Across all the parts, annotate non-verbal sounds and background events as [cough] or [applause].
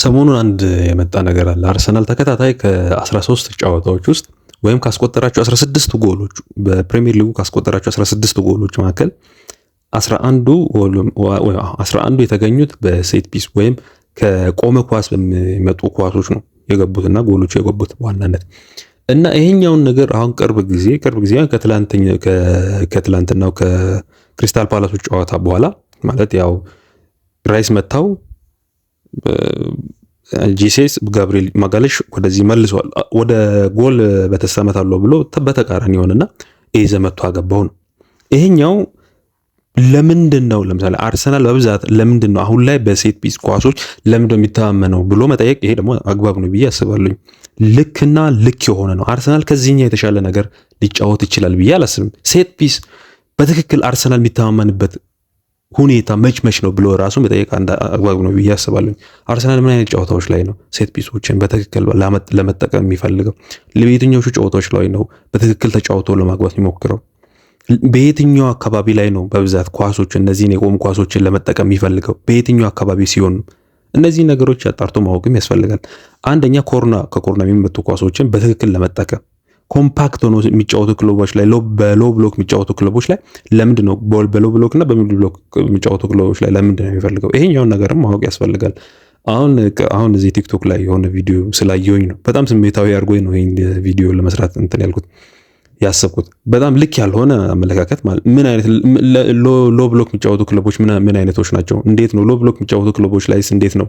ሰሞኑን አንድ የመጣ ነገር አለ። አርሰናል ተከታታይ ከ13 ጨዋታዎች ውስጥ ወይም ካስቆጠራቸው 16 ጎሎች በፕሪሚየር ሊጉ ካስቆጠራቸው 16 ጎሎች መካከል 11 የተገኙት በሴት ፒስ ወይም ከቆመ ኳስ በሚመጡ ኳሶች ነው የገቡትና ጎሎቹ የገቡት በዋናነት እና ይሄኛውን ነገር አሁን ቅርብ ጊዜ ቅርብ ጊዜ ከትላንትናው ከክሪስታል ፓላሶች ጨዋታ በኋላ ማለት ያው ራይስ መታው ጂሴስ ጋብሪኤል ማጋለሽ ወደዚህ መልሷል። ወደ ጎል በተሰመታለሁ ብሎ በተቃራኒ የሆነና ኤዘ መጥቶ አገባው ነው ይሄኛው። ለምንድን ነው ለምሳሌ አርሰናል በብዛት ለምንድን ነው አሁን ላይ በሴት ፒስ ኳሶች ለምንድን ነው የሚተማመነው ብሎ መጠየቅ፣ ይሄ ደግሞ አግባብ ነው ብዬ አስባለሁ። ልክና ልክ የሆነ ነው። አርሰናል ከዚህኛ የተሻለ ነገር ሊጫወት ይችላል ብዬ አላስብም። ሴት ፒስ በትክክል አርሰናል የሚተማመንበት ሁኔታ መች ነው ብሎ ራሱ መጠየቅ አግባብ ነው ብዬ አስባለሁ። አርሰናል ምን አይነት ጨዋታዎች ላይ ነው ሴት ፒሶችን በትክክል ለመጠቀም የሚፈልገው? ለየትኞቹ ጨዋታዎች ላይ ነው በትክክል ተጫውቶ ለማግባት የሚሞክረው? በየትኛው አካባቢ ላይ ነው በብዛት ኳሶች እነዚህን የቆም ኳሶችን ለመጠቀም የሚፈልገው? በየትኛው አካባቢ ሲሆን ነው? እነዚህ ነገሮች አጣርቶ ማወቅም ያስፈልጋል። አንደኛ ኮርና ከኮርና የሚመጡ ኳሶችን በትክክል ለመጠቀም ኮምፓክት ሆኖ የሚጫወቱ ክለቦች ላይ በሎ ብሎክ የሚጫወቱ ክለቦች ላይ ለምንድ ነው በሎ ብሎክ እና በሚድ ብሎክ የሚጫወቱ ክለቦች ላይ ለምንድ ነው የሚፈልገው? ይሄኛውን ነገርም ማወቅ ያስፈልጋል። አሁን አሁን እዚህ ቲክቶክ ላይ የሆነ ቪዲዮ ስላየውኝ ነው በጣም ስሜታዊ አድርጎኝ ነው ይህን ቪዲዮ ለመስራት እንትን ያልኩት ያሰብኩት በጣም ልክ ያልሆነ አመለካከት ማለት ምን አይነት ሎ ብሎክ የሚጫወቱ ክለቦች ምን አይነቶች ናቸው? እንዴት ነው ሎ ብሎክ የሚጫወቱ ክለቦች ላይስ እንዴት ነው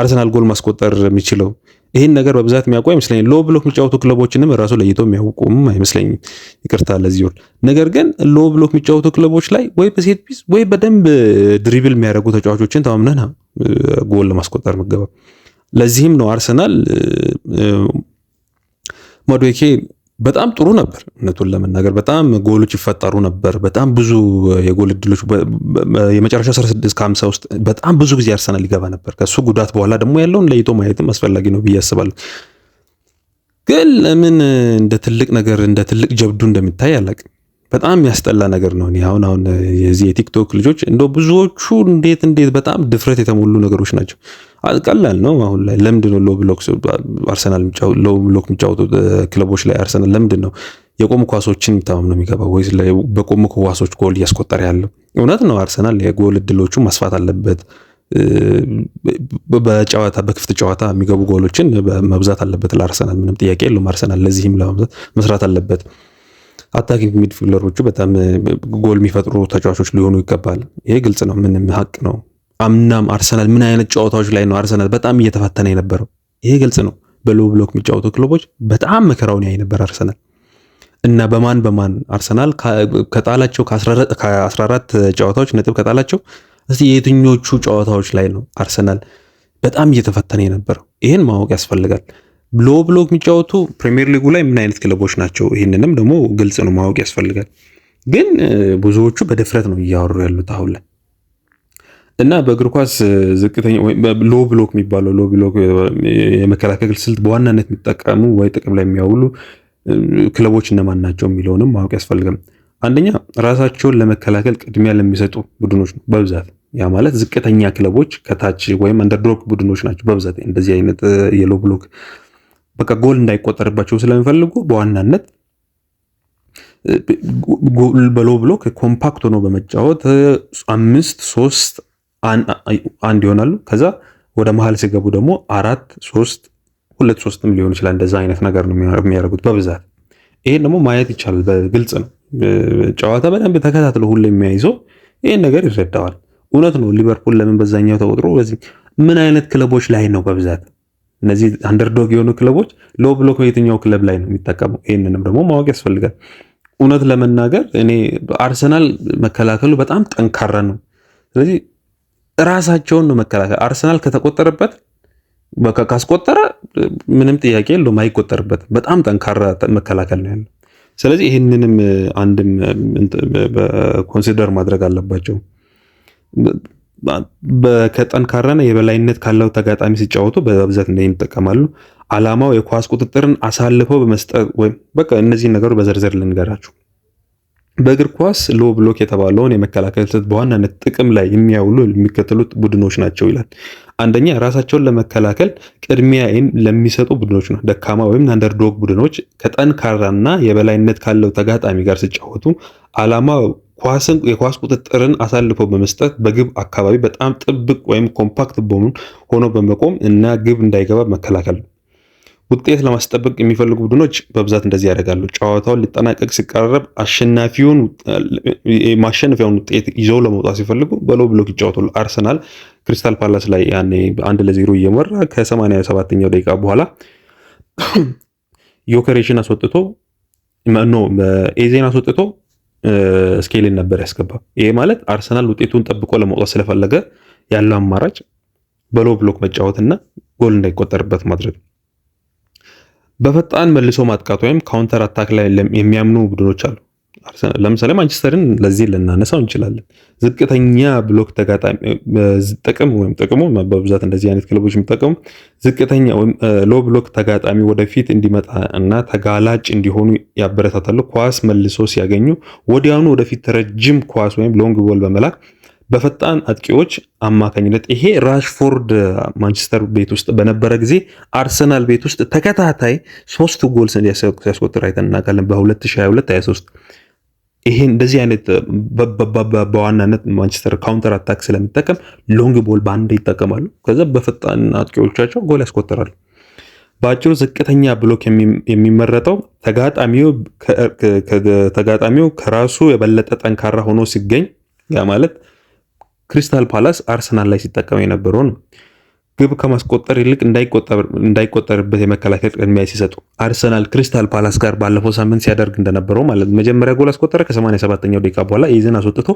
አርሰናል ጎል ማስቆጠር የሚችለው? ይህን ነገር በብዛት የሚያውቁ አይመስለኝም። ሎ ብሎክ የሚጫወቱ ክለቦችንም ራሱ ለይቶ የሚያውቁም አይመስለኝም። ይቅርታ ለዚህ ወል ነገር ግን ሎ ብሎክ የሚጫወቱ ክለቦች ላይ ወይ በሴት ፒስ ወይ በደንብ ድሪብል የሚያደርጉ ተጫዋቾችን ተማምነን ጎል ለማስቆጠር መገባ። ለዚህም ነው አርሰናል ሞዶኬ በጣም ጥሩ ነበር። እውነቱን ለመናገር በጣም ጎሎች ይፈጠሩ ነበር። በጣም ብዙ የጎል እድሎች የመጨረሻ አስራ ስድስት ከሀምሳ ውስጥ በጣም ብዙ ጊዜ አርሰናል ይገባ ነበር። ከእሱ ጉዳት በኋላ ደግሞ ያለውን ለይቶ ማየትም አስፈላጊ ነው ብዬ አስባለሁ። ግን ለምን እንደ ትልቅ ነገር እንደ ትልቅ ጀብዱ እንደሚታይ አላውቅም። በጣም የሚያስጠላ ነገር ነው። አሁን አሁን የዚህ የቲክቶክ ልጆች እንደ ብዙዎቹ እንዴት እንዴት በጣም ድፍረት የተሞሉ ነገሮች ናቸው። ቀላል ነው። አሁን ላይ ለምንድን ነው ሎ ብሎክ አርሰናል ሎ ብሎክ የሚጫወቱት ክለቦች ላይ አርሰናል ለምንድን ነው የቆሙ ኳሶችን የሚታመም ነው የሚገባ ወይስ በቆሙ ኳሶች ጎል እያስቆጠረ ያለው? እውነት ነው አርሰናል የጎል እድሎቹ ማስፋት አለበት። በጨዋታ በክፍት ጨዋታ የሚገቡ ጎሎችን መብዛት አለበት ለአርሰናል ምንም ጥያቄ የለውም። አርሰናል ለዚህም ለመብዛት መስራት አለበት። አታኪንግ ሚድፊልደሮቹ በጣም ጎል የሚፈጥሩ ተጫዋቾች ሊሆኑ ይገባል። ይሄ ግልጽ ነው፣ ምንም ሀቅ ነው። አምናም አርሰናል ምን አይነት ጨዋታዎች ላይ ነው አርሰናል በጣም እየተፈተነ የነበረው? ይሄ ግልጽ ነው። በሎ ብሎክ የሚጫወቱ ክለቦች በጣም መከራውን ያይ ነበር አርሰናል እና በማን በማን አርሰናል ከጣላቸው ከ14 ጨዋታዎች ነጥብ ከጣላቸው እስቲ የትኞቹ ጨዋታዎች ላይ ነው አርሰናል በጣም እየተፈተነ የነበረው? ይህን ማወቅ ያስፈልጋል። ሎ ብሎ የሚጫወቱ ፕሪሚየር ሊጉ ላይ ምን አይነት ክለቦች ናቸው? ይህንንም ደግሞ ግልጽ ነው ማወቅ ያስፈልጋል። ግን ብዙዎቹ በድፍረት ነው እያወሩ ያሉት አሁን ላይ እና በእግር ኳስ ዝቅተኛ ሎ ብሎክ የሚባለው ሎ ብሎክ የመከላከል ስልት በዋናነት የሚጠቀሙ ወይ ጥቅም ላይ የሚያውሉ ክለቦች እነማን ናቸው የሚለውንም ማወቅ ያስፈልጋል። አንደኛ ራሳቸውን ለመከላከል ቅድሚያ ለሚሰጡ ቡድኖች ነው በብዛት ያ ማለት ዝቅተኛ ክለቦች ከታች ወይም አንደርዶግ ቡድኖች ናቸው በብዛት እንደዚህ አይነት የሎ ብሎክ በቃ ጎል እንዳይቆጠርባቸው ስለሚፈልጉ በዋናነት በሎ ብሎ ኮምፓክት ሆኖ በመጫወት አምስት ሶስት አንድ ይሆናሉ። ከዛ ወደ መሀል ሲገቡ ደግሞ አራት ሶስት ሁለት ሶስትም ሊሆን ይችላል። እንደዛ አይነት ነገር ነው የሚያደርጉት በብዛት። ይሄን ደግሞ ማየት ይቻላል፣ በግልጽ ነው። ጨዋታ በደንብ ተከታትሎ ሁሉ የሚያይዘው ይሄን ነገር ይረዳዋል። እውነት ነው። ሊቨርፑል ለምን በዛኛው ተቆጥሮ በዚህ ምን አይነት ክለቦች ላይ ነው በብዛት እነዚህ አንደርዶግ የሆኑ ክለቦች ሎ ብሎክ በየትኛው ክለብ ላይ ነው የሚጠቀመው? ይህንንም ደግሞ ማወቅ ያስፈልጋል። እውነት ለመናገር እኔ አርሰናል መከላከሉ በጣም ጠንካራ ነው። ስለዚህ ራሳቸውን ነው መከላከል። አርሰናል ከተቆጠረበት በቃ ካስቆጠረ ምንም ጥያቄ የለውም አይቆጠርበት በጣም ጠንካራ መከላከል ነው ያለው። ስለዚህ ይህንንም አንድም ኮንሲደር ማድረግ አለባቸው። ከጠንካራና የበላይነት ካለው ተጋጣሚ ሲጫወቱ በብዛት እንደ ይጠቀማሉ። አላማው የኳስ ቁጥጥርን አሳልፈው በመስጠት ወይም በቃ እነዚህን ነገሮች በዝርዝር ልንገራችሁ። በእግር ኳስ ሎ ብሎክ የተባለውን የመከላከል ስልት በዋናነት ጥቅም ላይ የሚያውሉ የሚከተሉት ቡድኖች ናቸው ይላል። አንደኛ ራሳቸውን ለመከላከል ቅድሚያ ለሚሰጡ ቡድኖች ነው። ደካማ ወይም አንደርዶግ ቡድኖች ከጠንካራና የበላይነት ካለው ተጋጣሚ ጋር ሲጫወቱ አላማው ኳስን የኳስ ቁጥጥርን አሳልፎ በመስጠት በግብ አካባቢ በጣም ጥብቅ ወይም ኮምፓክት ቦሙን ሆኖ በመቆም እና ግብ እንዳይገባ መከላከል ነው። ውጤት ለማስጠበቅ የሚፈልጉ ቡድኖች በብዛት እንደዚህ ያደርጋሉ። ጨዋታውን ሊጠናቀቅ ሲቀረብ አሸናፊውን ማሸነፊያውን ውጤት ይዘው ለመውጣት ሲፈልጉ በሎ ብሎክ ይጫወታሉ። አርሰናል ክሪስታል ፓላስ ላይ ያኔ አንድ ለዜሮ እየመራ ከ87ኛው ደቂቃ በኋላ [clears throat] ዮከሬሽን አስወጥቶ ኖ ኤዜን አስወጥቶ ስኬሊን ነበር ያስገባ። ይሄ ማለት አርሰናል ውጤቱን ጠብቆ ለመውጣት ስለፈለገ ያለው አማራጭ በሎ ብሎክ መጫወትና ጎል እንዳይቆጠርበት ማድረግ በፈጣን መልሶ ማጥቃት ወይም ካውንተር አታክ ላይ የሚያምኑ ቡድኖች አሉ። ለምሳሌ ማንቸስተርን ለዚህ ልናነሳው እንችላለን። ዝቅተኛ ብሎክ ተጋጣሚ ጥቅም ወይም ጥቅሙ በብዛት እንደዚህ አይነት ክለቦች የሚጠቀሙ ዝቅተኛ ወይም ሎ ብሎክ ተጋጣሚ ወደፊት እንዲመጣ እና ተጋላጭ እንዲሆኑ ያበረታታሉ። ኳስ መልሶ ሲያገኙ ወዲያውኑ ወደፊት ረጅም ኳስ ወይም ሎንግ ቦል በመላክ በፈጣን አጥቂዎች አማካኝነት ይሄ ራሽፎርድ ማንቸስተር ቤት ውስጥ በነበረ ጊዜ አርሰናል ቤት ውስጥ ተከታታይ ሶስት ጎል ሲያስቆጥር አይተን እናውቃለን በ2022 23 ይሄ እንደዚህ አይነት በዋናነት ማንቸስተር ካውንተር አታክ ስለሚጠቀም ሎንግ ቦል በአንድ ይጠቀማሉ። ከዛ በፈጣን አጥቂዎቻቸው ጎል ያስቆጠራሉ በአጭሩ ዝቅተኛ ብሎክ የሚመረጠው ተጋጣሚው ከራሱ የበለጠ ጠንካራ ሆኖ ሲገኝ ያ ማለት ክሪስታል ፓላስ አርሰናል ላይ ሲጠቀም የነበረው ነው። ግብ ከማስቆጠር ይልቅ እንዳይቆጠርበት የመከላከል ቅድሚያ ሲሰጡ አርሰናል ክሪስታል ፓላስ ጋር ባለፈው ሳምንት ሲያደርግ እንደነበረው ማለት መጀመሪያ ጎል አስቆጠረ። ከ87ኛው ደቂቃ በኋላ ይዘን አስወጥቶ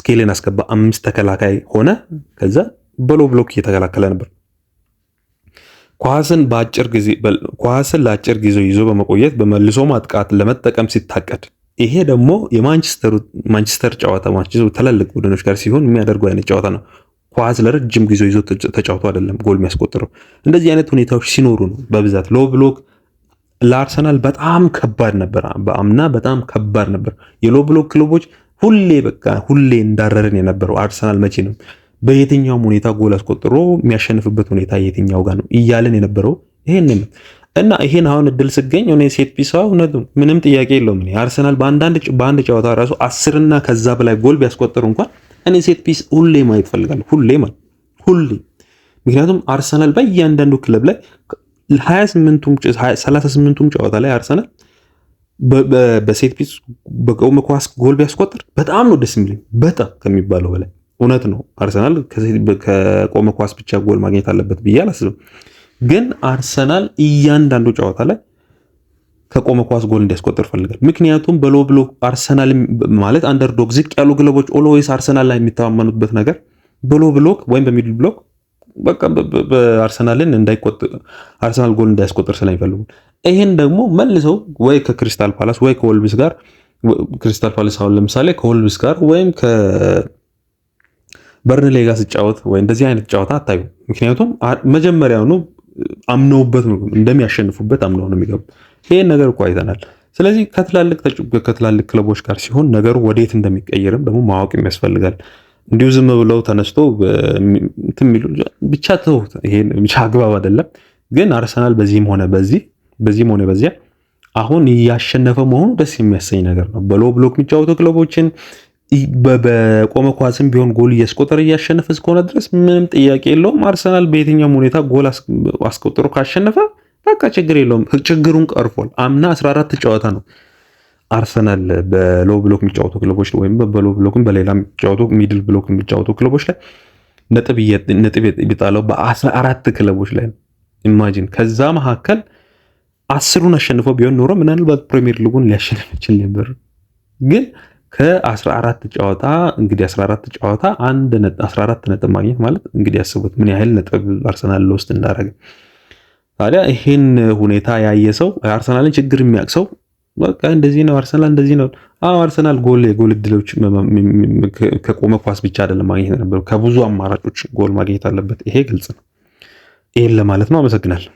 ስኬልን አስገባ። አምስት ተከላካይ ሆነ። ከዛ በሎ ብሎክ እየተከላከለ ነበር። ኳስን ለአጭር ጊዜ ይዞ በመቆየት በመልሶ ማጥቃት ለመጠቀም ሲታቀድ ይሄ ደግሞ የማንቸስተር ጨዋታ ማንቸስተር ትላልቅ ቡድኖች ጋር ሲሆን የሚያደርጉ አይነት ጨዋታ ነው። ኳስ ለረጅም ጊዜ ይዞ ተጫውቶ አይደለም ጎል የሚያስቆጥረው። እንደዚህ አይነት ሁኔታዎች ሲኖሩ ነው በብዛት ሎ ብሎክ ለአርሰናል በጣም ከባድ ነበር፣ በአምና በጣም ከባድ ነበር። የሎ ብሎክ ክለቦች ሁሌ በቃ ሁሌ እንዳረርን የነበረው አርሰናል መቼ ነው በየትኛውም ሁኔታ ጎል አስቆጥሮ የሚያሸንፍበት ሁኔታ የትኛው ጋር ነው እያለን የነበረው ነው እና ይሄን አሁን እድል ስገኝ ሆነ ሴት ፒሳው ምንም ጥያቄ የለውም። አርሰናል በአንድ ጨዋታ ራሱ አስርና ከዛ በላይ ጎል ቢያስቆጥሩ እንኳን እኔ ሴት ፒስ ሁሌ ማየት እፈልጋለሁ። ሁሌ ማለት ሁሌ ምክንያቱም አርሰናል በእያንዳንዱ ክለብ ላይ 28ቱም 38ቱም ጨዋታ ላይ አርሰናል በሴት ፒስ በቆመ ኳስ ጎል ቢያስቆጥር በጣም ነው ደስ የሚለኝ፣ በጣም ከሚባለው በላይ እውነት ነው። አርሰናል ከቆመ ኳስ ብቻ ጎል ማግኘት አለበት ብዬ አላስብም፣ ግን አርሰናል እያንዳንዱ ጨዋታ ላይ ከቆመ ኳስ ጎል እንዲያስቆጥር ይፈልጋል። ምክንያቱም በሎ ብሎክ አርሰናል ማለት አንደርዶግ ዝቅ ያሉ ግለቦች ኦልዌይስ አርሰናል ላይ የሚተማመኑበት ነገር በሎ ብሎክ ወይም በሚድል ብሎክ በቃ በአርሰናልን እንዳይቆጥር አርሰናል ጎል እንዳያስቆጥር ስለሚፈልጉ ይሄን ደግሞ መልሰው ወይ ከክሪስታል ፓላስ ወይ ከወልብስ ጋር ክሪስታል ፓላስ አሁን ለምሳሌ ከወልብስ ጋር ወይም ከበርንሌ ጋር ስጫወት ወይ እንደዚህ አይነት ጨዋታ አታዩ። ምክንያቱም መጀመሪያውኑ አምነውበት ነው እንደሚያሸንፉበት አምነው ነው የሚገቡት። ይሄ ነገር እኮ አይተናል። ስለዚህ ከትላልቅ ከትላልቅ ክለቦች ጋር ሲሆን ነገሩ ወዴት እንደሚቀየርም ደግሞ ማወቅ ያስፈልጋል። እንዲሁ ዝም ብለው ተነስቶ ብቻ ብቻ አግባብ አይደለም። ግን አርሰናል በዚህም ሆነ በዚህ በዚህም ሆነ በዚያ አሁን እያሸነፈ መሆኑ ደስ የሚያሰኝ ነገር ነው። በሎ ብሎክ የሚጫወቱ ክለቦችን በቆመ ኳስም ቢሆን ጎል እያስቆጠረ እያሸነፈ እስከሆነ ድረስ ምንም ጥያቄ የለውም። አርሰናል በየትኛውም ሁኔታ ጎል አስቆጥሮ ካሸነፈ በቃ ችግር የለውም። ችግሩን ቀርፏል። አምና 14 ጨዋታ ነው አርሰናል በሎ ብሎክ የሚጫወቱ ክለቦች ወይም በሎ ብሎክም በሌላ የሚጫወቱ ሚድል ብሎክ የሚጫወቱ ክለቦች ላይ ነጥብ የጣለው በአስራ አራት ክለቦች ላይ ነው። ኢማጂን ከዛ መካከል አስሩን አሸንፈው ቢሆን ኖሮ ምናልባት ፕሪሚየር ሊጉን ሊያሸንፍ ይችል ነበር። ግን ከ14 ጨዋታ እንግዲህ 14 ጨዋታ 14 ነጥብ ማግኘት ማለት እንግዲህ ያስቡት ምን ያህል ነጥብ አርሰናል ለውስጥ እንዳደረገ ታዲያ ይሄን ሁኔታ ያየ ሰው አርሰናልን ችግር የሚያውቅ ሰው በቃ እንደዚህ ነው አርሰናል እንደዚህ ነው። አዎ አርሰናል ጎል የጎል እድሎች ከቆመ ኳስ ብቻ አይደለም ማግኘት ነበረው፣ ከብዙ አማራጮች ጎል ማግኘት አለበት። ይሄ ግልጽ ነው። ይሄን ለማለት ነው። አመሰግናለሁ።